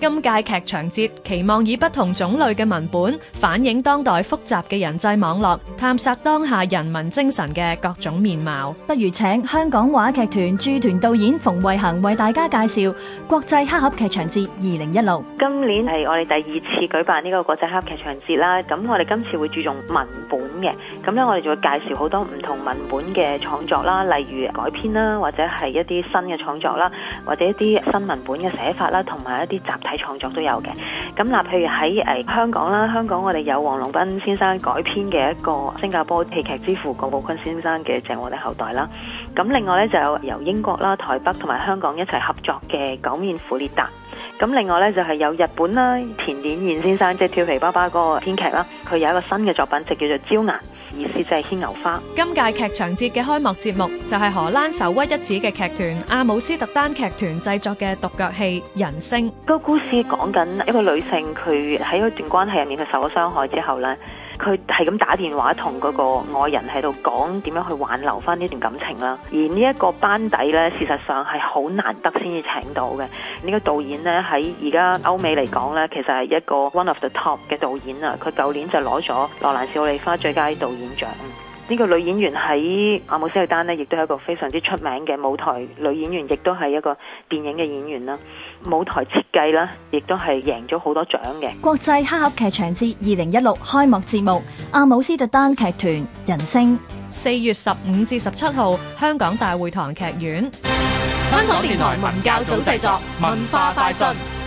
今屆劇場節期望以不同種類嘅文本，反映當代複雜嘅人際網絡，探索當下人民精神嘅各種面貌。不如請香港話劇團駐團導演馮蔚衡為大家介紹國際黑盒劇場節二零一六。今年係我哋第二次舉辦呢個國際黑盒劇場節啦，咁我哋今次會注重文本嘅，咁咧我哋就會介紹好多唔同文本嘅創作啦，例如改編啦，或者係一啲新嘅創作啦，或者一啲新文本嘅寫法啦，同埋一啲集體。喺創作都有嘅，咁嗱，譬如喺誒、哎、香港啦，香港我哋有黃龍斌先生改編嘅一個新加坡戲劇之父郭寶坤先生嘅《鄭和的後代》啦，咁另外呢，就有由英國啦、台北同埋香港一齊合作嘅《九面虎列達》，咁另外呢，就係、是、有日本啦田典彥先生即係《就是、跳皮巴巴的編劇》嗰個編劇啦，佢有一個新嘅作品就叫做《朝顏》。意思就係牽牛花。今屆劇場節嘅開幕節目就係荷蘭首屈一指嘅劇團阿姆斯特丹劇團製作嘅獨腳戲《人聲》。個故事講緊一個女性，佢喺一段關係入面佢受咗傷害之後呢，佢係咁打電話同嗰個愛人喺度講點樣去挽留翻呢段感情啦，而呢一個班底呢，事實上係好難得先至請到嘅。呢個導演呢，喺而家歐美嚟講呢，其實係一個 one of the top 嘅導演啊，佢舊年就攞咗《羅蘭士奧利花》最佳導演獎。呢、這個女演員喺阿姆斯特丹咧，亦都係一個非常之出名嘅舞台女演員，亦都係一個電影嘅演員啦。舞台設計啦，亦都係贏咗好多獎嘅。國際黑盒劇場節二零一六開幕節目，阿姆斯特丹劇團人聲。四月十五至十七號，香港大會堂劇院。香港電台文教組製作文化快訊。